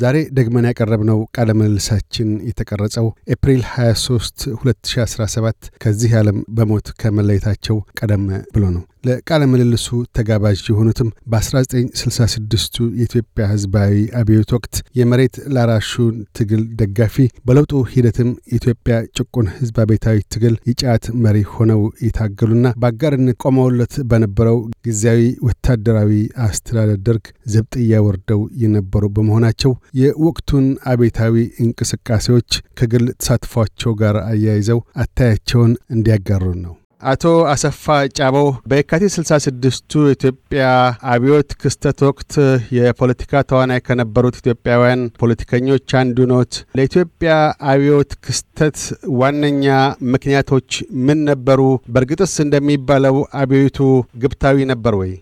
ዛሬ ደግመን ያቀረብነው ቃለ ምልልሳችን የተቀረጸው ኤፕሪል 23 2017 ከዚህ ዓለም በሞት ከመለየታቸው ቀደም ብሎ ነው። ለቃለ ምልልሱ ተጋባዥ የሆኑትም በ1966ቱ የኢትዮጵያ ህዝባዊ አብዮት ወቅት የመሬት ላራሹን ትግል ደጋፊ፣ በለውጡ ሂደትም የኢትዮጵያ ጭቁን ህዝብ አቤታዊ ትግል የጫት መሪ ሆነው የታገሉና በአጋርነት ቆመውለት በነበረው ጊዜያዊ ወታደራዊ አስተዳደር ደርግ ዘብጥያ ወርደው የነበሩ በመሆናቸው የወቅቱን አቤታዊ እንቅስቃሴዎች ከግል ተሳትፏቸው ጋር አያይዘው አታያቸውን እንዲያጋሩን ነው። አቶ አሰፋ ጫበው በየካቲት 6 ቱ ኢትዮጵያ አብዮት ክስተት ወቅት የፖለቲካ ተዋናይ ከነበሩት ኢትዮጵያውያን ፖለቲከኞች አንዱ ኖት። ለኢትዮጵያ አብዮት ክስተት ዋነኛ ምክንያቶች ምን ነበሩ? በእርግጥስ እንደሚባለው አብዮቱ ግብታዊ ነበር ወይ?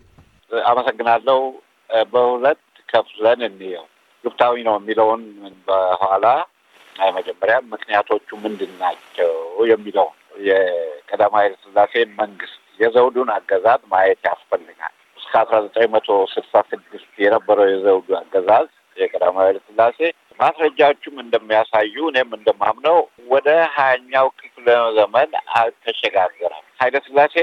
አመሰግናለሁ። በሁለት ከፍለን እንየው። ግብታዊ ነው የሚለውን በኋላ መጀመሪያ ምክንያቶቹ ምንድን ናቸው የሚለውን የቀዳማዊ ኃይለስላሴ መንግስት የዘውዱን አገዛዝ ማየት ያስፈልጋል። እስከ አስራ ዘጠኝ መቶ ስልሳ ስድስት የነበረው የዘውዱ አገዛዝ የቀዳማዊ ኃይለ ማስረጃዎቹም እንደሚያሳዩ እኔም እንደማምነው ወደ ሀያኛው ክፍለ ዘመን አልተሸጋገረም። ኃይለስላሴ ሥላሴ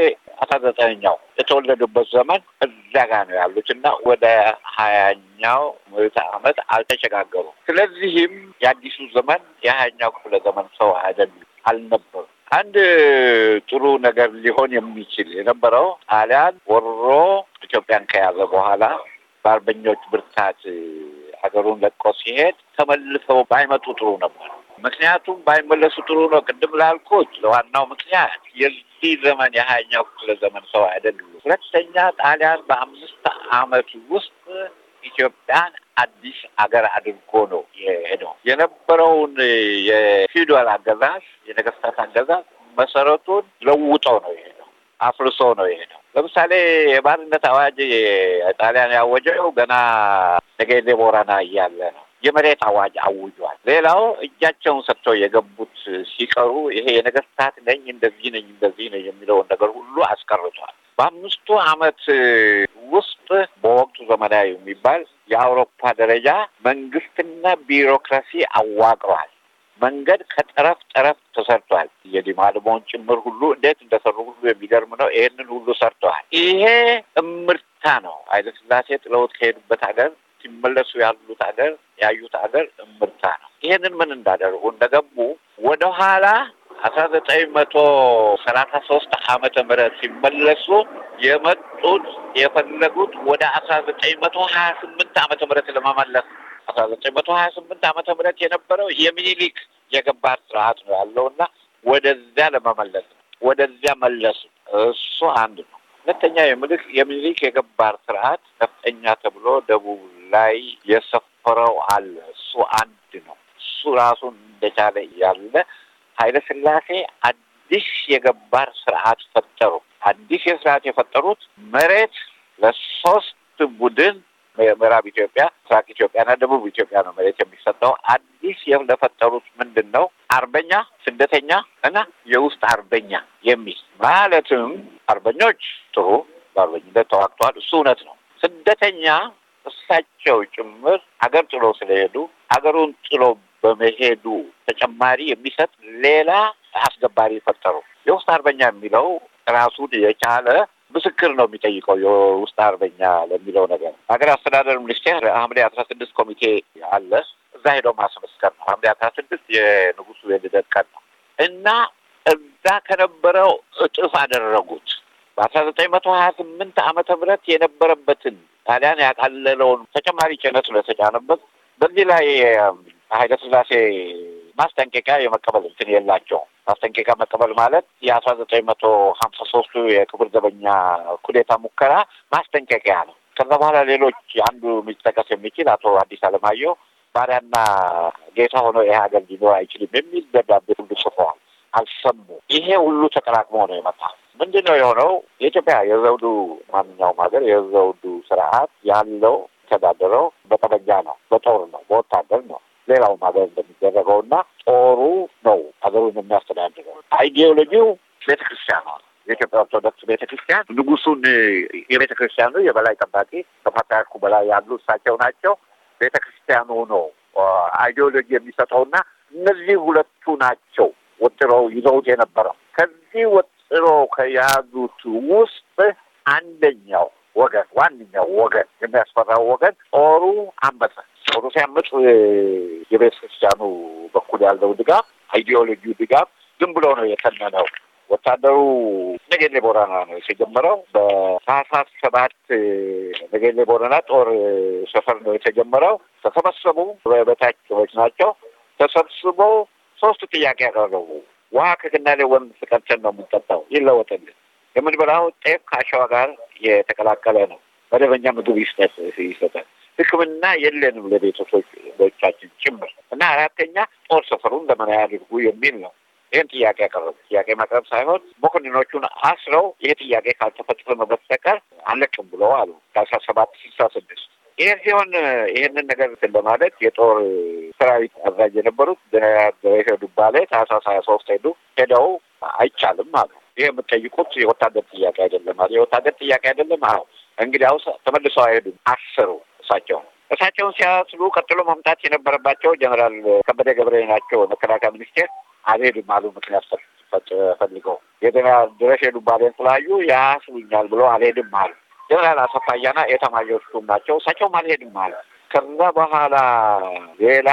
አስራ ዘጠነኛው የተወለዱበት ዘመን እዛ ጋ ነው ያሉት እና ወደ ሀያኛው ምዕተ ዓመት አልተሸጋገሩም። ስለዚህም የአዲሱ ዘመን የሀያኛው ክፍለ ዘመን ሰው አይደሉም፣ አልነበሩም። አንድ ጥሩ ነገር ሊሆን የሚችል የነበረው ጣሊያን ወሮ ኢትዮጵያን ከያዘ በኋላ በአርበኞች ብርታት ሀገሩን ለቆ ሲሄድ ተመልሰው ባይመጡ ጥሩ ነበር። ምክንያቱም ባይመለሱ ጥሩ ነው። ቅድም ላልኩት ለዋናው ምክንያት የዚህ ዘመን የሀያኛው ክፍለ ዘመን ሰው አይደሉም። ሁለተኛ ጣሊያን በአምስት ዓመት ውስጥ ኢትዮጵያን አዲስ አገር አድርጎ ነው የሄደው። የነበረውን የፊውዳል አገዛዝ የነገስታት አገዛዝ መሰረቱን ለውጦ ነው የሄደው፣ አፍርሶ ነው የሄደው። ለምሳሌ የባርነት አዋጅ ጣሊያን ያወጀው ገና ነገሌ ቦረና እያለ ነው። የመሬት አዋጅ አውጇል። ሌላው እጃቸውን ሰጥተው የገቡት ሲቀሩ ይሄ የነገስታት ነኝ እንደዚህ ነኝ እንደዚህ ነኝ የሚለውን ነገር ሁሉ አስቀርቷል። በአምስቱ ዓመት ውስጥ በወቅቱ ዘመናዊ የሚባል የአውሮፓ ደረጃ መንግስትና ቢሮክራሲ አዋቅሯል። መንገድ ከጠረፍ ጠረፍ ተሰርቷል። የዲማድሞን ጭምር ሁሉ እንዴት እንደሰሩ ሁሉ የሚገርም ነው። ይሄንን ሁሉ ሰርተዋል። ይሄ እምርታ ነው። ኃይለስላሴ ጥለውት ከሄዱበት ሀገር ሲመለሱ ያሉት ሀገር ያዩት ሀገር እምርታ ነው። ይሄንን ምን እንዳደረጉ እንደገቡ ወደኋላ አስራ ዘጠኝ መቶ ሰላሳ ሶስት አመተ ምህረት ሲመለሱ የመጡት የፈለጉት ወደ አስራ ዘጠኝ መቶ ሀያ ስምንት ዓመተ ምህረት ለመመለስ አስራ ዘጠኝ መቶ ሀያ ስምንት ዓመተ ምህረት የነበረው የሚኒሊክ የገባር ስርዓት ነው ያለው እና ወደዚያ ለመመለስ ወደዚያ መለሱ። እሱ አንድ ነው። ሁለተኛ የምልክ የሚኒሊክ የገባር ስርዓት ከፍተኛ ተብሎ ደቡብ ላይ የሰፈረው አለ። እሱ አንድ ነው። እሱ ራሱን እንደቻለ ያለ ኃይለ ስላሴ አዲስ የገባር ስርዓት ፈጠሩ። አዲስ የስርዓት የፈጠሩት መሬት ለሶስት ቡድን የምዕራብ ኢትዮጵያ፣ ምስራቅ ኢትዮጵያና ደቡብ ኢትዮጵያ ነው መሬት የሚሰጠው። አዲስ ለፈጠሩት ምንድን ነው? አርበኛ፣ ስደተኛ እና የውስጥ አርበኛ የሚል ማለትም አርበኞች ጥሩ በአርበኝነት ተዋግተዋል። እሱ እውነት ነው። ስደተኛ እሳቸው ጭምር አገር ጥሎ ስለሄዱ አገሩን ጥሎ በመሄዱ ተጨማሪ የሚሰጥ ሌላ አስገባሪ ፈጠሩ። የውስጥ አርበኛ የሚለው ራሱን የቻለ ምስክር ነው የሚጠይቀው። የውስጥ አርበኛ ለሚለው ነገር ሀገር አስተዳደር ሚኒስቴር ሐምሌ አስራ ስድስት ኮሚቴ አለ። እዛ ሄደው ማስመስከር ነው። ሐምሌ አስራ ስድስት የንጉሱ የልደት ቀን ነው እና እዛ ከነበረው እጥፍ አደረጉት። በአስራ ዘጠኝ መቶ ሀያ ስምንት ዓመተ ምህረት የነበረበትን ጣሊያን ያቃለለውን ተጨማሪ ጭነት ነው የተጫነበት። በዚህ ላይ ኃይለ ስላሴ ማስጠንቀቂያ የመቀበል እንትን የላቸው። ማስጠንቀቂያ መቀበል ማለት የአስራ ዘጠኝ መቶ ሀምሳ ሶስቱ የክቡር ዘበኛ ኩዴታ ሙከራ ማስጠንቀቂያ ነው። ከዛ በኋላ ሌሎች አንዱ የሚጠቀስ የሚችል አቶ አዲስ አለማየሁ ባሪያና ጌታ ሆኖ ይህ ሀገር ሊኖር አይችልም የሚል ደብዳቤ ሁሉ ጽፈዋል። አልሰሙ። ይሄ ሁሉ ተቀላቅሞ ነው የመጣ። ምንድን ነው የሆነው? የኢትዮጵያ የዘውዱ ማንኛውም ሀገር የዘውዱ ስርዓት ያለው ተዳደረው በጠበንጃ ነው፣ በጦር ነው፣ በወታደር ነው። ሌላው ሀገር እንደሚደረገው እና ጦሩ ነው ሀገሩን የሚያስተዳድረው። አይዲዮሎጂው ቤተክርስቲያኗ የኢትዮጵያ ኦርቶዶክስ ቤተክርስቲያን ንጉሱን የቤተክርስቲያኑ የበላይ ጠባቂ ከፓትርያርኩ በላይ ያሉ እሳቸው ናቸው። ቤተክርስቲያኑ ነው አይዲዮሎጂ የሚሰጠውና እነዚህ ሁለቱ ናቸው ወጥረው ይዘውት የነበረው። ከዚህ ወጥረው ከያዙት ውስጥ አንደኛው ወገን ዋነኛው ወገን የሚያስፈራው ወገን ጦሩ አንበሳ ጦሩ ሲያምፅ የቤተ ክርስቲያኑ በኩል ያለው ድጋፍ አይዲዮሎጂው ድጋፍ ዝም ብሎ ነው የተነነው። ወታደሩ ነገሌ ቦረና ነው የተጀመረው። በታህሳስ ሰባት ነገሌ ቦረና ጦር ሰፈር ነው የተጀመረው። ተሰበሰቡ። በታች ሰዎች ናቸው። ተሰብስቦ ሶስት ጥያቄ ያቀረቡ ውሃ ከግናሌ ወንዝ ስቀርተን ነው የምንጠጣው፣ ይለወጥልን። የምንበላው ጤፍ ከአሸዋ ጋር የተቀላቀለ ነው። መደበኛ ምግብ ይስጠት ይሰጠን። ሕክምና የለንም ለቤተሰቦቻችን ጭምር እና አራተኛ ጦር ሰፈሩን ዘመናዊ አድርጉ የሚል ነው። ይህን ጥያቄ ያቀረቡ ጥያቄ ማቅረብ ሳይሆን መኮንኖቹን አስረው ይህ ጥያቄ ካልተፈጸመ በስተቀር አለቅም ብሎ አሉ ከአስራ ሰባት ስልሳ ስድስት ይህ ሲሆን ይህንን ነገር እንትን ለማለት የጦር ሰራዊት አዛዥ የነበሩት ጀነራል ዘበይተ ባለ ታህሳስ ሀያ ሶስት ሄዱ ሄደው አይቻልም አሉ። ይህ የምጠይቁት የወታደር ጥያቄ አይደለም አሉ። የወታደር ጥያቄ አይደለም አሁ እንግዲህ አሁ ተመልሰው አይሄዱም አስሩ እሳቸው እሳቸውን ሲያስሉ ቀጥሎ መምጣት የነበረባቸው ጀነራል ከበደ ገብረ ናቸው። መከላከያ ሚኒስቴር አልሄድም አሉ። ምክንያት ፈልገው የጀነራል ድረሽ የዱባሌን ስላዩ ያስሉኛል ብሎ አልሄድም አሉ። ጀነራል አሰፋ አያና የተማሪዎቹም ናቸው። እሳቸውም አልሄድም አሉ። ከዛ በኋላ ሌላ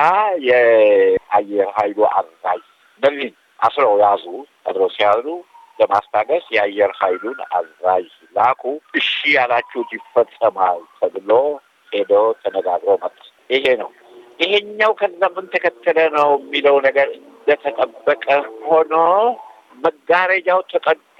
የአየር ኃይሉ አዛዥ በርሊን አስረው ያዙ። አድረው ሲያዙ ለማስታገስ የአየር ኃይሉን አዛዥ ላኩ። እሺ ያላችሁት ይፈጸማል ተብሎ ሄዶ ተነጋግሮ መጡ። ይሄ ነው ይሄኛው ከዛ ምን ተከተለ ነው የሚለው ነገር እንደተጠበቀ ሆኖ መጋረጃው ተቀዶ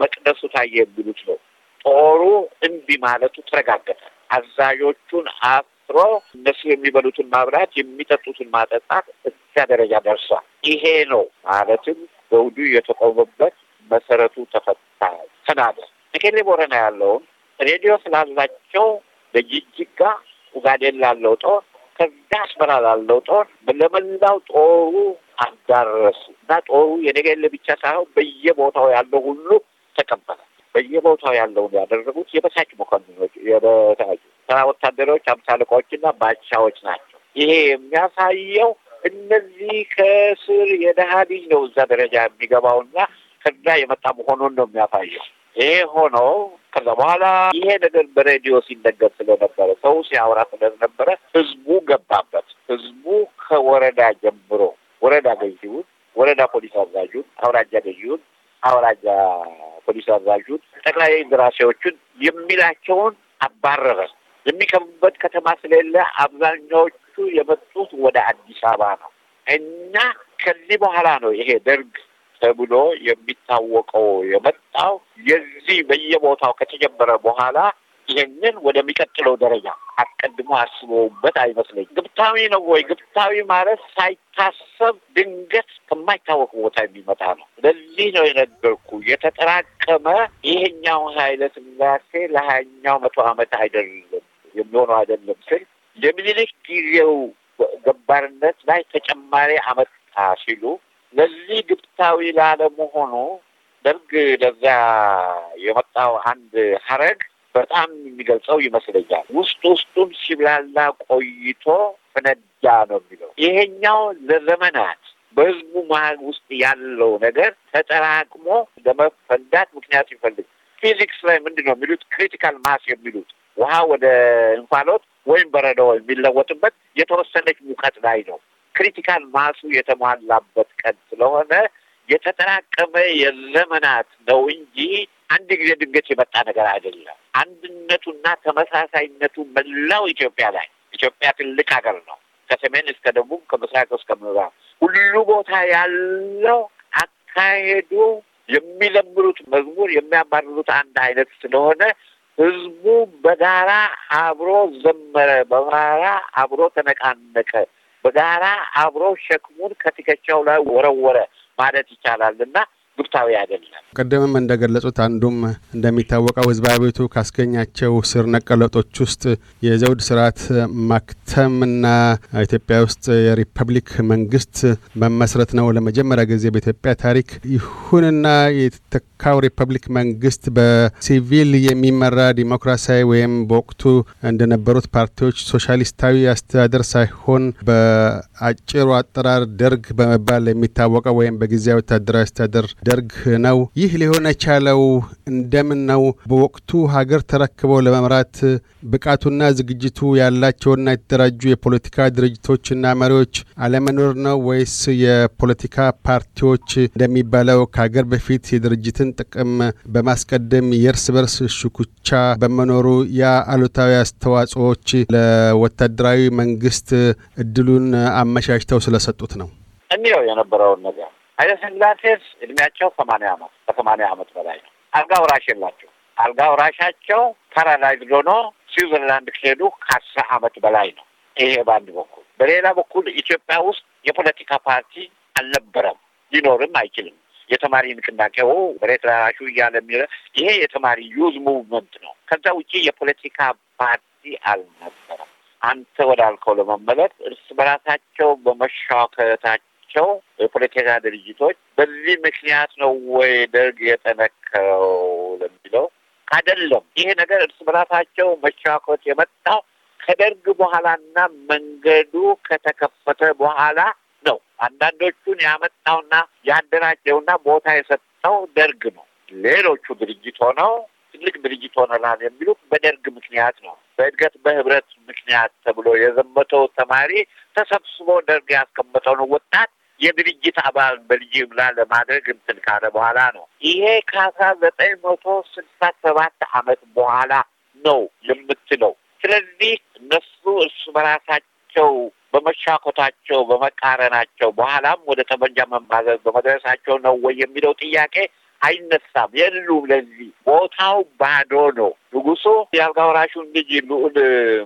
መቅደሱ ታየ የሚሉት ነው። ጦሩ እምቢ ማለቱ ተረጋገጠ። አዛዦቹን አፍሮ እነሱ የሚበሉትን ማብላት፣ የሚጠጡትን ማጠጣት እዛ ደረጃ ደርሷል። ይሄ ነው ማለትም ዘውዱ የተቆመበት መሰረቱ ተፈታ ተናደ። መቀሌ ቦረና ያለውን ሬዲዮ ስላላቸው በጅጅጋ ኡጋዴን ላለው ጦር ከዛ አስመራ ላለው ጦር ለመላው ጦሩ አዳረሱ እና ጦሩ የነገሌ ብቻ ሳይሆን በየቦታው ያለው ሁሉ ተቀበለ። በየቦታው ያለውን ያደረጉት የበታች መኮንኖች የበታች ተራ ወታደሮች፣ አምሳልቆችና ባቻዎች ናቸው። ይሄ የሚያሳየው እነዚህ ከስር የደሃ ልጅ ነው እዛ ደረጃ የሚገባውና ከዛ የመጣ መሆኑን ነው የሚያሳየው። ይሄ ሆኖ ከዛ በኋላ ይሄ ነገር በሬዲዮ ሲነገር ስለነበረ ሰው ሲያወራ ስለነበረ ህዝቡ ገባበት። ህዝቡ ከወረዳ ጀምሮ ወረዳ ገዢውን፣ ወረዳ ፖሊስ አዛዡን፣ አውራጃ ገዢውን፣ አውራጃ ፖሊስ አዛዡን፣ ጠቅላይ እንደራሴዎቹን የሚላቸውን አባረረ። የሚከቡበት ከተማ ስለሌለ አብዛኛዎቹ የመጡት ወደ አዲስ አበባ ነው እና ከዚህ በኋላ ነው ይሄ ደርግ ተብሎ የሚታወቀው የመጣው የዚህ በየቦታው ከተጀመረ በኋላ ይህንን ወደሚቀጥለው ደረጃ አስቀድሞ አስበውበት አይመስለኝ። ግብታዊ ነው ወይ? ግብታዊ ማለት ሳይታሰብ ድንገት ከማይታወቅ ቦታ የሚመጣ ነው። ለዚህ ነው የነገርኩ የተጠራቀመ ይሄኛው ኃይለ ሥላሴ ለሀያኛው መቶ ዓመት አይደለም የሚሆነው አይደለም ስል የሚኒሊክ ጊዜው ገባርነት ላይ ተጨማሪ አመጣ ሲሉ ለዚህ ግብታዊ ላለመሆኑ ደርግ ለዚያ የመጣው አንድ ሀረግ በጣም የሚገልጸው ይመስለኛል። ውስጥ ውስጡም ሲብላላ ቆይቶ ፈነዳ ነው የሚለው። ይሄኛው ለዘመናት በህዝቡ መሀል ውስጥ ያለው ነገር ተጠራቅሞ ለመፈንዳት ምክንያት ይፈልግ። ፊዚክስ ላይ ምንድን ነው የሚሉት ክሪቲካል ማስ የሚሉት ውሃ ወደ እንፋሎት ወይም በረዶ የሚለወጥበት የተወሰነች ሙቀት ላይ ነው። ክሪቲካል ማሱ የተሟላበት ቀን ስለሆነ የተጠራቀመ የዘመናት ነው እንጂ አንድ ጊዜ ድንገት የመጣ ነገር አይደለም። አንድነቱና ተመሳሳይነቱ መላው ኢትዮጵያ ላይ ኢትዮጵያ ትልቅ ሀገር ነው። ከሰሜን እስከ ደቡብ፣ ከምስራቅ እስከ ምዕራብ ሁሉ ቦታ ያለው አካሄዱ የሚለምሩት መዝሙር የሚያማርሩት አንድ አይነት ስለሆነ ህዝቡ በጋራ አብሮ ዘመረ፣ በጋራ አብሮ ተነቃነቀ። በጋራ አብረው ሸክሙን ከትከሻው ላይ ወረወረ ማለት ይቻላል እና ግብታዊ አይደለም። ቅድምም እንደገለጹት አንዱም እንደሚታወቀው ህዝባዊ ቤቱ ካስገኛቸው ስር ነቀለጦች ውስጥ የዘውድ ስርዓት ማክተምና ኢትዮጵያ ውስጥ የሪፐብሊክ መንግስት መመስረት ነው ለመጀመሪያ ጊዜ በኢትዮጵያ ታሪክ። ይሁንና የዶሚኒካው ሪፐብሊክ መንግስት በሲቪል የሚመራ ዲሞክራሲያዊ ወይም በወቅቱ እንደነበሩት ፓርቲዎች ሶሻሊስታዊ አስተዳደር ሳይሆን በአጭሩ አጠራር ደርግ በመባል የሚታወቀው ወይም በጊዜያዊ ወታደራዊ አስተዳደር ደርግ ነው። ይህ ሊሆን የቻለው እንደምን ነው? በወቅቱ ሀገር ተረክበው ለመምራት ብቃቱና ዝግጅቱ ያላቸውና የተደራጁ የፖለቲካ ድርጅቶችና መሪዎች አለመኖር ነው ወይስ የፖለቲካ ፓርቲዎች እንደሚባለው ከሀገር በፊት የድርጅትን ጥቅም በማስቀደም የእርስ በርስ ሽኩቻ በመኖሩ ያ አሉታዊ አስተዋጽኦዎች ለወታደራዊ መንግስት እድሉን አመቻችተው ስለሰጡት ነው። እኒው የነበረውን ነገር ኃይለ ስላሴስ እድሜያቸው ሰማንያ አመት ከሰማንያ አመት በላይ ነው። አልጋ ወራሽ የላቸው። አልጋ ወራሻቸው ፓራላይዝድ ሆኖ ስዊዘርላንድ ከሄዱ ከአስራ ዓመት በላይ ነው። ይሄ በአንድ በኩል፣ በሌላ በኩል ኢትዮጵያ ውስጥ የፖለቲካ ፓርቲ አልነበረም፣ ሊኖርም አይችልም። የተማሪ ንቅናቄው መሬት ላራሹ እያለ የሚለ ይሄ የተማሪ ዩዝ ሙቭመንት ነው። ከዛ ውጭ የፖለቲካ ፓርቲ አልነበረም። አንተ ወዳልከው ለመመለስ እርስ በራሳቸው በመሻከታቸው የፖለቲካ ድርጅቶች በዚህ ምክንያት ነው ወይ ደርግ የጠነከረው ለሚለው አይደለም። ይሄ ነገር እርስ በራሳቸው መሻኮት የመጣው ከደርግ በኋላና መንገዱ ከተከፈተ በኋላ አንዳንዶቹን ያመጣውና ያደራጀውና ቦታ የሰጠው ደርግ ነው። ሌሎቹ ድርጅት ሆነው ትልቅ ድርጅት ሆነላል የሚሉት በደርግ ምክንያት ነው። በእድገት በህብረት ምክንያት ተብሎ የዘመተው ተማሪ ተሰብስቦ ደርግ ነው ወጣት የድርጅት አባል በልጅ ብላ ለማድረግ እንትን ካለ በኋላ ነው። ይሄ ከአስራ ዘጠኝ መቶ ስልሳ ሰባት አመት በኋላ ነው የምትለው። ስለዚህ እነሱ እርስ በራሳቸው በመሻኮታቸው በመቃረናቸው በኋላም ወደ ጠመንጃ መማዘዝ በመድረሳቸው ነው ወይ የሚለው ጥያቄ አይነሳም። የሉም። ለዚህ ቦታው ባዶ ነው። ንጉሱ የአልጋ ወራሹን ልጅ ልዑል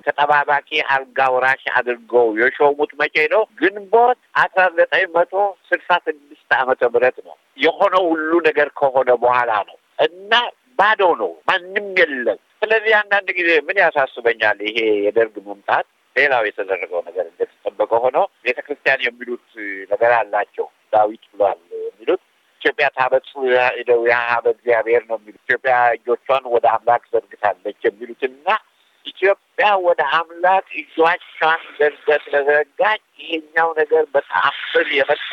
ተጠባባቂ አልጋ ወራሽ አድርገው የሾሙት መቼ ነው? ግንቦት አስራ ዘጠኝ መቶ ስልሳ ስድስት ዓመተ ምህረት ነው የሆነው ሁሉ ነገር ከሆነ በኋላ ነው እና ባዶ ነው። ማንም የለም። ስለዚህ አንዳንድ ጊዜ ምን ያሳስበኛል ይሄ የደርግ መምጣት ሌላው የተደረገው ነገር የጠበቀ ሆኖ ቤተ ክርስቲያን የሚሉት ነገር አላቸው። ዳዊት ብሏል የሚሉት ኢትዮጵያ ታበጽ ሄደው ያሀበ እግዚአብሔር ነው የሚሉት ኢትዮጵያ እጆቿን ወደ አምላክ ዘርግታለች የሚሉትና ኢትዮጵያ ወደ አምላክ እጇቿን ዘርገት ለዘረጋች ይሄኛው ነገር በተአምር የመጣ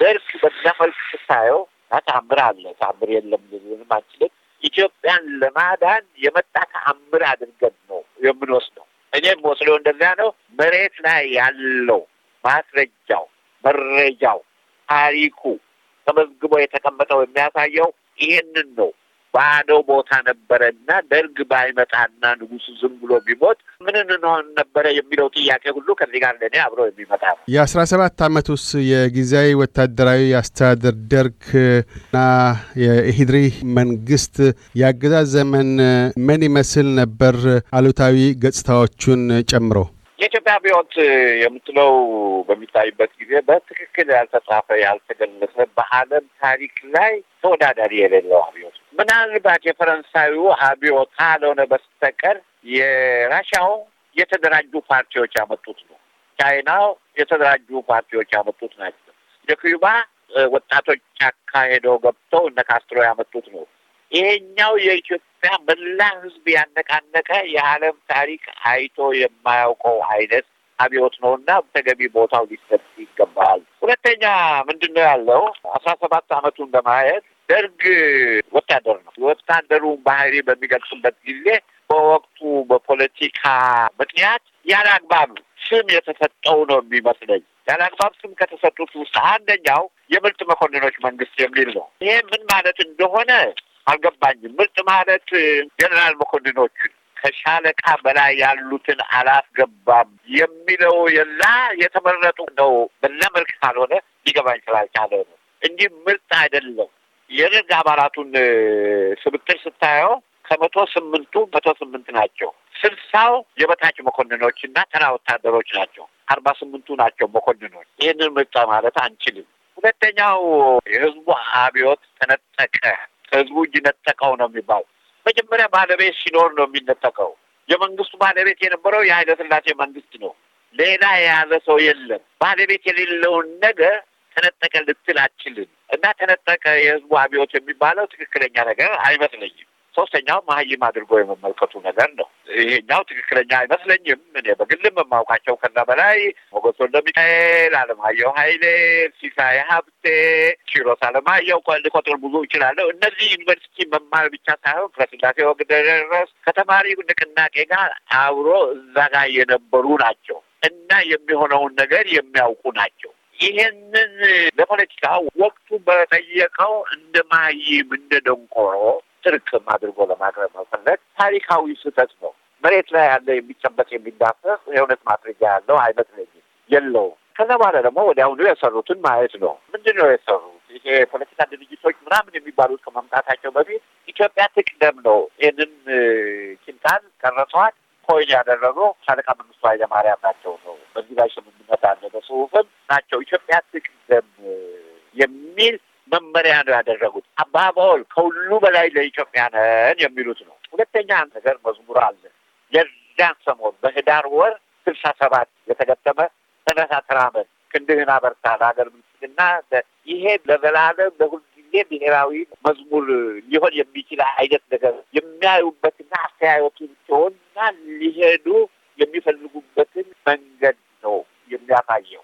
ደርግ በዛ መልክ ስታየው ታምር አለ ታምር የለም ልንም አንችልም። ኢትዮጵያን ለማዳን የመጣ ተአምር አድርገን ነው የምንወስደው። እኔም ወስዶ እንደዚያ ነው። መሬት ላይ ያለው ማስረጃው፣ መረጃው፣ ታሪኩ ተመዝግቦ የተቀመጠው የሚያሳየው ይህንን ነው። ባዶ ቦታ ነበረና ደርግ ባይመጣና ንጉሱ ዝም ብሎ ቢሞት ምን ንሆን ነበረ የሚለው ጥያቄ ሁሉ ከዚህ ጋር ለእኔ አብሮ የሚመጣ ነው። የአስራ ሰባት አመት የጊዜያዊ ወታደራዊ አስተዳደር ደርግና የኢሂድሪ መንግስት የአገዛዝ ዘመን ምን ይመስል ነበር? አሉታዊ ገጽታዎቹን ጨምሮ የኢትዮጵያ አብዮት የምትለው በሚታይበት ጊዜ በትክክል ያልተጻፈ ያልተገለጸ፣ በዓለም ታሪክ ላይ ተወዳዳሪ የሌለው አብዮት ምናልባት የፈረንሳዩ አብዮት ካልሆነ በስተቀር የራሻው የተደራጁ ፓርቲዎች ያመጡት ነው። ቻይናው የተደራጁ ፓርቲዎች ያመጡት ናቸው። የኩባ ወጣቶች ጫካ ሄደው ገብተው እነ ካስትሮ ያመጡት ነው። ይሄኛው የኢትዮጵያ መላ ሕዝብ ያነቃነቀ የዓለም ታሪክ አይቶ የማያውቀው አይነት አብዮት ነው እና ተገቢ ቦታው ሊሰጥ ይገባል። ሁለተኛ ምንድን ነው ያለው አስራ ሰባት አመቱን በማየት ደርግ ወታደር ነው። የወታደሩን ባህሪ በሚገልጽበት ጊዜ በወቅቱ በፖለቲካ ምክንያት ያለ አግባብ ስም የተሰጠው ነው የሚመስለኝ። ያለ አግባብ ስም ከተሰጡት ውስጥ አንደኛው የምርጥ መኮንኖች መንግስት የሚል ነው። ይሄ ምን ማለት እንደሆነ አልገባኝም። ምርጥ ማለት ጀነራል መኮንኖችን ከሻለቃ በላይ ያሉትን አላስገባም የሚለው የላ የተመረጡ ነው በለመልክ ካልሆነ ሊገባኝ ስላልቻለ ነው እንጂ ምርጥ አይደለም። የደርግ አባላቱን ስብጥር ስታየው ከመቶ ስምንቱ መቶ ስምንት ናቸው። ስልሳው የበታች መኮንኖች እና ተራ ወታደሮች ናቸው። አርባ ስምንቱ ናቸው መኮንኖች። ይህንን ምርጫ ማለት አንችልም። ሁለተኛው የህዝቡ አብዮት ተነጠቀ፣ ከህዝቡ እጅ ነጠቀው ነው የሚባል መጀመሪያ ባለቤት ሲኖር ነው የሚነጠቀው። የመንግስቱ ባለቤት የነበረው ስላሴ መንግስት ነው። ሌላ የያዘ ሰው የለም። ባለቤት የሌለውን ነገር ተነጠቀ ልትል አችልም እና ተነጠቀ የህዝቡ አብዮት የሚባለው ትክክለኛ ነገር አይመስለኝም። ሶስተኛው መሀይም አድርጎ የመመልከቱ ነገር ነው። ይሄኛው ትክክለኛ አይመስለኝም። እኔ በግልም የማውቃቸው ከዛ በላይ ሞገስ ወልደሚካኤል፣ አለማየሁ ኃይሌ፣ ሲሳይ ሀብቴ፣ ኪሮስ አለማየሁ ልቆጥር ብዙ እችላለሁ። እነዚህ ዩኒቨርሲቲ መማር ብቻ ሳይሆን ከስላሴ ወግ ድረስ ከተማሪ ንቅናቄ ጋር አብሮ እዛ ጋር የነበሩ ናቸው እና የሚሆነውን ነገር የሚያውቁ ናቸው። ይሄንን ለፖለቲካ ወቅቱ በጠየቀው እንደ ማይም እንደ ደንቆሮ ጥርቅም አድርጎ ለማቅረብ መፈለግ ታሪካዊ ስህተት ነው። መሬት ላይ ያለ የሚጨበጥ የሚዳፈስ የእውነት ማስረጃ ያለው አይነት ነ የለውም። ከዛ በኋላ ደግሞ ወዲያውኑ የሰሩትን ማየት ነው። ምንድን ነው የሰሩት? ይሄ የፖለቲካ ድርጅቶች ምናምን የሚባሉት ከመምጣታቸው በፊት ኢትዮጵያ ትቅደም ነው። ይህንን ኪንታን ቀረጸዋል። ኮይን ያደረገው ሻለቃ መንግስቱ ኃይለማርያም ናቸው ነው በዚህ ላይ ስምምነት አለ በጽሁፍም ናቸው። ኢትዮጵያ ትቅደም የሚል መመሪያ ነው ያደረጉት። አባባል ከሁሉ በላይ ለኢትዮጵያ ነን የሚሉት ነው። ሁለተኛ ነገር መዝሙር አለ። የዛን ሰሞን በህዳር ወር ስልሳ ሰባት የተገጠመ ተነሳ ተራመድ፣ ክንድህን አበርታ ለሀገር ብልጽግና። ይሄ ለዘላለም ለሁልጊዜ ብሔራዊ መዝሙር ሊሆን የሚችል አይነት ነገር የሚያዩበትና አስተያየቱ ሲሆንና ሊሄዱ የሚፈልጉበትን መንገድ ነው የሚያሳየው።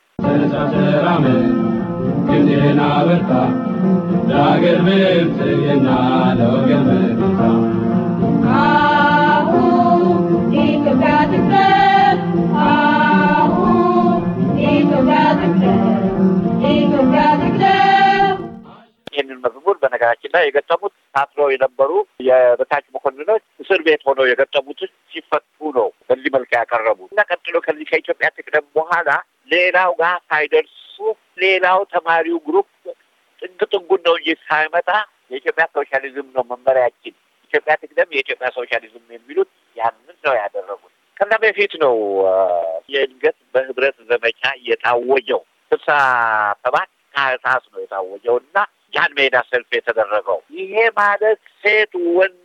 ይህንን መዝሙር በነገራችን ላይ የገጠሙት ታስረው የነበሩ የበታች መኮንኖች እስር ቤት ሆነው የገጠሙትን ሲፈ በዚህ መልክ ያቀረቡት እና ቀጥሎ ከዚህ ከኢትዮጵያ ትቅደም በኋላ ሌላው ጋር ሳይደርሱ ሌላው ተማሪው ግሩፕ ጥግ ጥጉን ነው እንጂ ሳይመጣ የኢትዮጵያ ሶሻሊዝም ነው መመሪያችን፣ ኢትዮጵያ ትቅደም፣ የኢትዮጵያ ሶሻሊዝም የሚሉት ያንን ነው ያደረጉት። ከዛ በፊት ነው የእድገት በህብረት ዘመቻ የታወጀው ስልሳ ሰባት ታህሳስ ነው የታወጀው እና ጃን ሜዳ ሰልፍ የተደረገው ይሄ ማለት ሴት ወንድ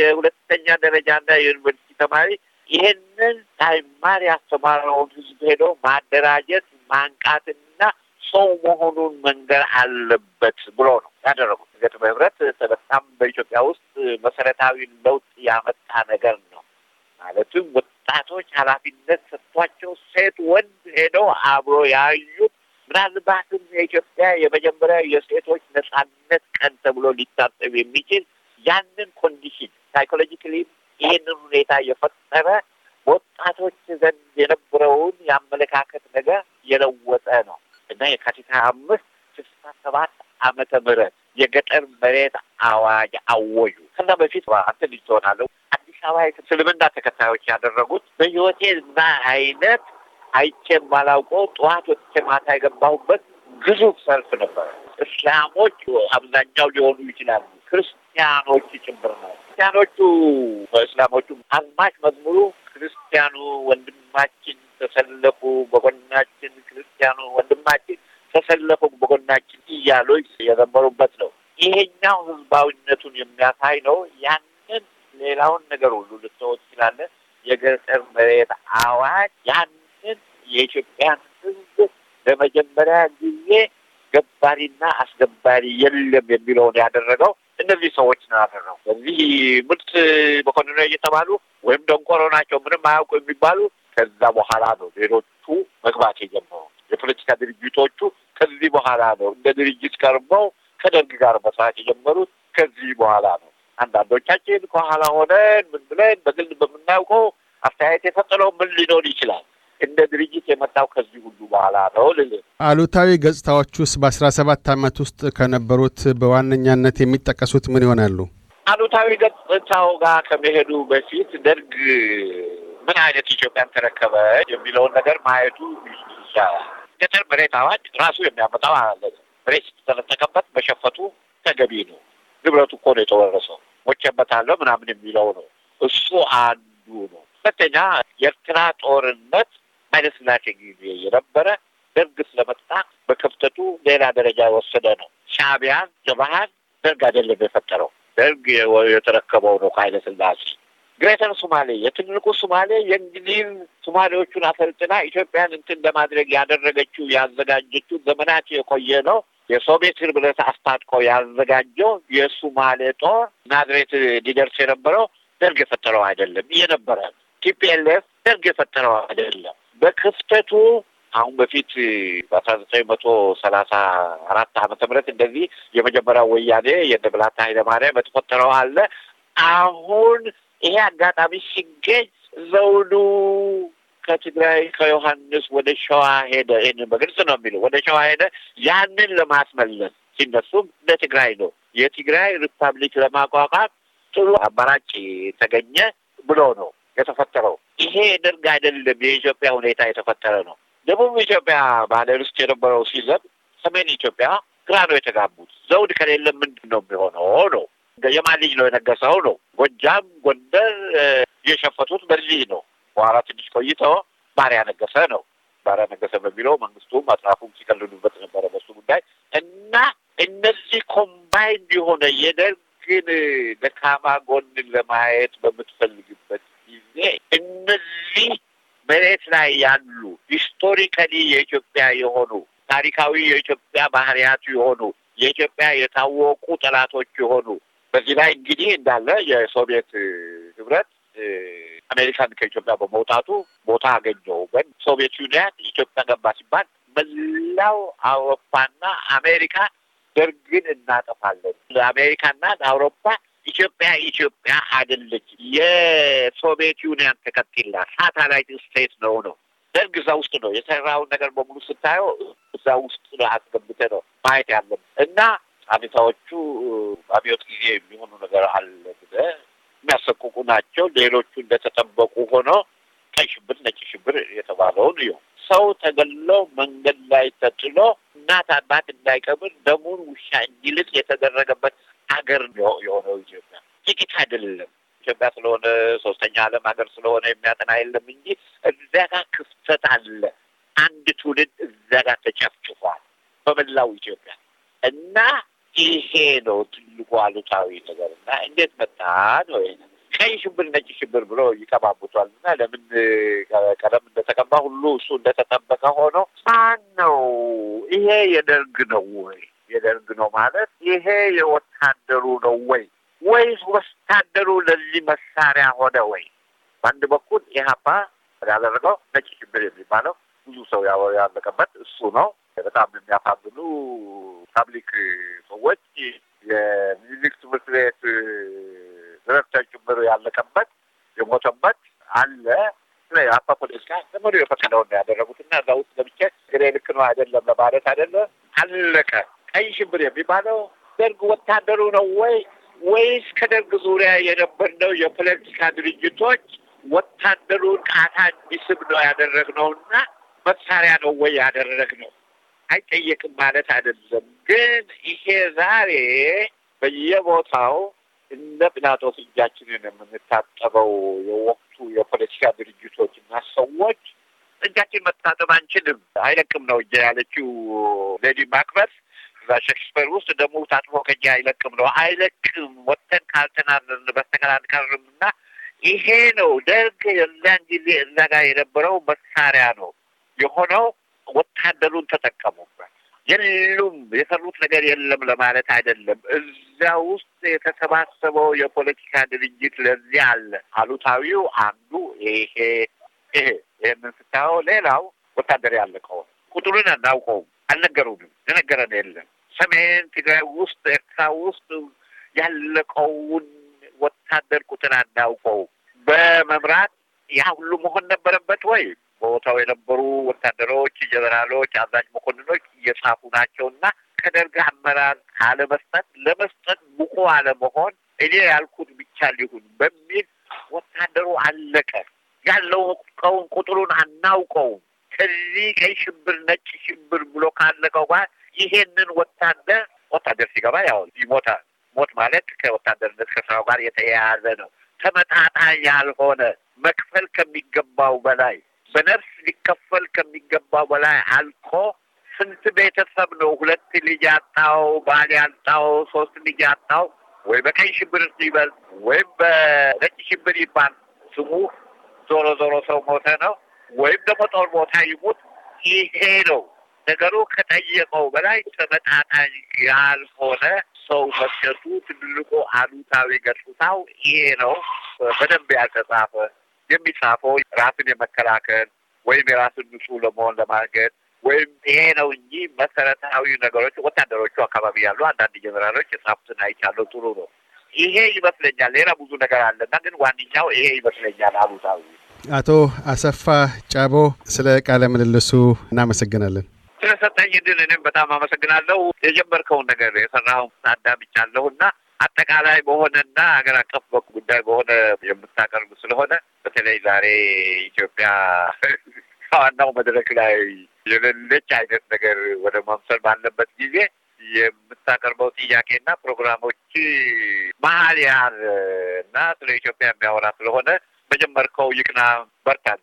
የሁለተኛ ደረጃና የዩኒቨርሲቲ ተማሪ ይህንን ታይማር ያስተማረውን ህዝብ ሄዶ ማደራጀት ማንቃትና ሰው መሆኑን መንገር አለበት ብሎ ነው ያደረጉት። ገጥመ ህብረት በጣም በኢትዮጵያ ውስጥ መሰረታዊ ለውጥ ያመጣ ነገር ነው። ማለትም ወጣቶች ኃላፊነት ሰጥቷቸው ሴት ወንድ ሄደው አብሮ ያዩ ምናልባትም የኢትዮጵያ የመጀመሪያ የሴቶች ነጻነት ቀን ተብሎ ሊታሰብ የሚችል ያንን ኮንዲሽን ሳይኮሎጂካሊ ይህንን ሁኔታ የፈጠረ ወጣቶች ዘንድ የነበረውን የአመለካከት ነገር የለወጠ ነው እና የካቲት አምስት ስልሳ ሰባት ዓመተ ምህረት የገጠር መሬት አዋጅ አወጁ። ከዛ በፊት አንተ ልጅ ትሆናለህ አዲስ አበባ እስልምና ተከታዮች ያደረጉት በህይወቴ እና አይነት አይቼም ማላውቀው ጠዋት ወጥቼ ማታ የገባሁበት ግዙፍ ሰልፍ ነበረ። እስላሞች አብዛኛው ሊሆኑ ይችላሉ፣ ክርስቲያኖች ጭምር ነው ክርስቲያኖቹ በእስላሞቹ አልማሽ መዝሙሩ ክርስቲያኑ ወንድማችን ተሰለፉ በጎናችን፣ ክርስቲያኑ ወንድማችን ተሰለፉ በጎናችን እያሉ የዘመሩበት ነው። ይሄኛው ህዝባዊነቱን የሚያሳይ ነው። ያንን ሌላውን ነገር ሁሉ ልትወት ትችላለህ። የገጠር መሬት አዋጅ ያንን የኢትዮጵያን ህዝብ ለመጀመሪያ ጊዜ ገባሪና አስገባሪ የለም የሚለውን ያደረገው እነዚህ ሰዎች ነው ያደረው። ስለዚህ ምርጥ መኮንኖ እየተባሉ ወይም ደንቆሮ ናቸው ምንም አያውቁ የሚባሉ ከዛ በኋላ ነው ሌሎቹ መግባት የጀመሩ የፖለቲካ ድርጅቶቹ ከዚህ በኋላ ነው እንደ ድርጅት ቀርበው ከደርግ ጋር መስራት የጀመሩት ከዚህ በኋላ ነው። አንዳንዶቻችን ከኋላ ሆነን ምን ብለን በግል በምናውቀው አስተያየት የፈጠረው ምን ሊኖር ይችላል። እንደ ድርጅት የመጣው ከዚህ ሁሉ በኋላ ነው ልል። አሉታዊ ገጽታዎች ውስጥ በአስራ ሰባት አመት ውስጥ ከነበሩት በዋነኛነት የሚጠቀሱት ምን ይሆናሉ? አሉታዊ ገጽታው ጋር ከመሄዱ በፊት ደርግ ምን አይነት ኢትዮጵያን ተረከበ የሚለውን ነገር ማየቱ ይቻላል። ገጠር መሬት አዋጅ ራሱ የሚያመጣው አለ። መሬት ስተለጠቀበት መሸፈቱ ተገቢ ነው። ንብረቱ እኮ ነው የተወረሰው። ሞቼበታለሁ ምናምን የሚለው ነው። እሱ አንዱ ነው። ሁለተኛ የኤርትራ ጦርነት ስላሴ ጊዜ የነበረ ደርግ ስለመጣ በክፍተቱ ሌላ ደረጃ የወሰደ ነው። ሻቢያ ጀባሃን ደርግ አይደለም የፈጠረው፣ ደርግ የተረከበው ነው ከኃይለሥላሴ። ግሬተር ሶማሌ የትልቁ ሶማሌ የእንግሊዝ ሶማሌዎቹን አሰልጥና ኢትዮጵያን እንትን ለማድረግ ያደረገችው ያዘጋጀችው ዘመናት የቆየ ነው። የሶቪየት ህብረት አስታጥቆ ያዘጋጀው የሱማሌ ጦር ናዝሬት ሊደርስ የነበረው ደርግ የፈጠረው አይደለም። እየነበረ ቲፒኤልኤፍ ደርግ የፈጠረው አይደለም። በክፍተቱ አሁን በፊት በአስራ ዘጠኝ መቶ ሰላሳ አራት ዓመተ ምህረት እንደዚህ የመጀመሪያው ወያኔ የደብላታ ኃይለማርያም የተፈጠረው አለ። አሁን ይሄ አጋጣሚ ሲገኝ ዘውዱ ከትግራይ ከዮሐንስ ወደ ሸዋ ሄደ። ይህንን በግልጽ ነው የሚለው ወደ ሸዋ ሄደ። ያንን ለማስመለስ ሲነሱም ለትግራይ ነው የትግራይ ሪፐብሊክ ለማቋቋም ጥሩ አማራጭ ተገኘ ብሎ ነው የተፈጠረው። ይሄ ደርግ አይደለም የኢትዮጵያ ሁኔታ የተፈጠረ ነው። ደቡብ ኢትዮጵያ ማለት ውስጥ የነበረው ሲዘም ሰሜን ኢትዮጵያ ግራ ነው የተጋቡት። ዘውድ ከሌለ ምንድን ነው የሚሆነው? ነው የማን ልጅ ነው የነገሰው? ነው ጎጃም፣ ጎንደር የሸፈቱት በልጅ ነው። በኋላ ትንሽ ቆይቶ ባሪያ ነገሰ ነው። ባሪያ ነገሰ በሚለው መንግስቱም አጥራፉም ሲቀልሉበት ነበረ በሱ ጉዳይ እና እነዚህ ኮምባይንድ የሆነ የደርግን ደካማ ጎንን ለማየት በምትፈልግበት ጊዜ እነዚህ መሬት ላይ ያሉ ሂስቶሪካሊ የኢትዮጵያ የሆኑ ታሪካዊ የኢትዮጵያ ባህሪያቱ የሆኑ የኢትዮጵያ የታወቁ ጠላቶች የሆኑ በዚህ ላይ እንግዲህ እንዳለ የሶቪየት ህብረት አሜሪካን ከኢትዮጵያ በመውጣቱ ቦታ አገኘው በን ሶቪየት ዩኒያን ኢትዮጵያ ገባ ሲባል መላው አውሮፓና አሜሪካ ደርግን እናጠፋለን፣ አሜሪካና አውሮፓ ኢትዮጵያ ኢትዮጵያ አይደለች። የሶቪየት ዩኒየን ተከትላ ሳተላይት ስቴት ነው ነው ደርግ እዛ ውስጥ ነው የሰራውን ነገር በሙሉ ስታየው እዛ ውስጥ ነው አስገብተህ ነው ማየት ያለብህ እና አቤታዎቹ አብዮት ጊዜ የሚሆኑ ነገር አለ ብለህ የሚያሰቁቁ ናቸው። ሌሎቹ እንደተጠበቁ ሆኖ ቀይ ሽብር፣ ነጭ ሽብር የተባለውን እዩ። ሰው ተገሎ መንገድ ላይ ተጥሎ እናት አባት እንዳይቀብር ደሙን ውሻ እንዲልጥ የተደረገበት ሀገር የሆነው ኢትዮጵያ ጥቂት አይደለም። ኢትዮጵያ ስለሆነ ሶስተኛ ዓለም ሀገር ስለሆነ የሚያጠና የለም እንጂ እዚያ ጋር ክፍተት አለ። አንድ ትውልድ እዚያ ጋር ተጨፍጭፏል በመላው ኢትዮጵያ እና ይሄ ነው ትልቁ አሉታዊ ነገር እና እንዴት መጣን ወይ ቀይ ሽብር ነጭ ሽብር ብሎ ይቀባቡቷል እና ለምን ቀለም እንደተቀባ ሁሉ እሱ እንደተጠበቀ ሆኖ ማን ነው ይሄ የደርግ ነው ወይ የደርግ ነው ማለት ይሄ የወታደሩ ነው ወይ ወይስ ወታደሩ ለዚህ መሳሪያ ሆነ ወይ? በአንድ በኩል ኢህአፓ ያደረገው ነጭ ሽብር የሚባለው ብዙ ሰው ያለቀበት እሱ ነው። በጣም የሚያሳዝኑ ፓብሊክ ሰዎች የሚኒሊክ ትምህርት ቤት ዲሬክተር ጭምር ያለቀበት የሞተበት አለ። አባ ፖለቲካ ዘመኑ የፈቀደውን ያደረጉት እና እዛ ውስጥ ለብቻ ግሬ ልክ ነው አይደለም ለማለት አይደለ አለቀ። ቀይ ሽብር የሚባለው ደርግ ወታደሩ ነው ወይ ወይስ ከደርግ ዙሪያ የነበርነው የፖለቲካ ድርጅቶች ወታደሩን ቃታ እንዲስብ ነው ያደረግነው እና መሳሪያ ነው ወይ ያደረግነው? አይጠየቅም ማለት አይደለም። ግን ይሄ ዛሬ በየቦታው እንደ ጲላጦስ እጃችንን የምንታጠበው የወቅቱ የፖለቲካ ድርጅቶች እና ሰዎች እጃችን መታጠብ አንችልም አይለቅም ነው እጀ ያለችው ሌዲ ማክበት በሼክስፒር ውስጥ ደግሞ ታጥቦ ከኛ አይለቅም ነው። አይለቅም ወጥተን ካልተናነን በስተቀር አንቀርም። እና ይሄ ነው ደርግ እዛን ጊዜ እዛ ጋር የነበረው መሳሪያ ነው የሆነው። ወታደሩን ተጠቀሙበት። የሉም የሰሩት ነገር የለም ለማለት አይደለም። እዛ ውስጥ የተሰባሰበው የፖለቲካ ድርጅት ለዚህ አለ። አሉታዊው አንዱ ይሄ ይሄ ይህንን ስታየው ሌላው ወታደር ያለቀው ቁጥሩን አናውቀውም፣ አልነገሩንም፣ የነገረን የለም። ሰሜን ትግራይ ውስጥ ኤርትራ ውስጥ ያለቀውን ወታደር ቁጥር አናውቀው በመምራት ያ ሁሉ መሆን ነበረበት ወይ? ቦታው የነበሩ ወታደሮች፣ ጀነራሎች፣ አዛዥ መኮንኖች እየጻፉ እና ከደርግ አመራር አለመስጠት፣ ለመስጠት ብቁ አለመሆን፣ እኔ ያልኩት ብቻ ሊሁን በሚል ወታደሩ አለቀ። ያለው ቀውን ቁጥሩን አናውቀውም። ከዚህ ቀይ ሽብር ነጭ ሽብር ብሎ ካለቀው ጋር ይሄንን ወታደር ወታደር ሲገባ ያው ይሞታል። ሞት ማለት ከወታደርነት ከስራው ጋር የተያያዘ ነው። ተመጣጣኝ ያልሆነ መክፈል ከሚገባው በላይ በነፍስ ሊከፈል ከሚገባው በላይ አልቆ ስንት ቤተሰብ ነው ሁለት ልጅ ያጣው፣ ባል ያጣው፣ ሶስት ልጅ ያጣው ወይ በቀይ ሽብር ሲበል ወይም በነጭ ሽብር ይባል ስሙ ዞሮ ዞሮ ሰው ሞተ ነው ወይም ደግሞ ጦር ቦታ ይሙት ይሄ ነው ነገሩ ከጠየቀው በላይ ተመጣጣኝ ያልሆነ ሰው መስገቱ ትልልቁ አሉታዊ ገጽታው ይሄ ነው። በደንብ ያልተጻፈ የሚጻፈው ራስን የመከላከል ወይም የራስን ንጹህ ለመሆን ለማገድ ወይም ይሄ ነው እንጂ መሰረታዊ ነገሮች ወታደሮቹ አካባቢ ያሉ አንዳንድ ጀነራሎች የጻፉትን አይቻለሁ። ጥሩ ነው ይሄ ይመስለኛል። ሌላ ብዙ ነገር አለና ግን ዋንኛው ይሄ ይመስለኛል አሉታዊ። አቶ አሰፋ ጫቦ ስለ ቃለ ምልልሱ እናመሰግናለን። ስለሰጠኝ ድል እኔም በጣም አመሰግናለሁ። የጀመርከውን ነገር የሰራውን አዳምጫለሁ እና አጠቃላይ በሆነና ሀገር አቀፍ ጉዳይ በሆነ የምታቀርቡ ስለሆነ በተለይ ዛሬ ኢትዮጵያ ከዋናው መድረክ ላይ የሌለች አይነት ነገር ወደ መምሰል ባለበት ጊዜ የምታቀርበው ጥያቄና ፕሮግራሞች መሀል ያህል እና ስለ ኢትዮጵያ የሚያወራ ስለሆነ መጀመርከው ይቅና በርታል።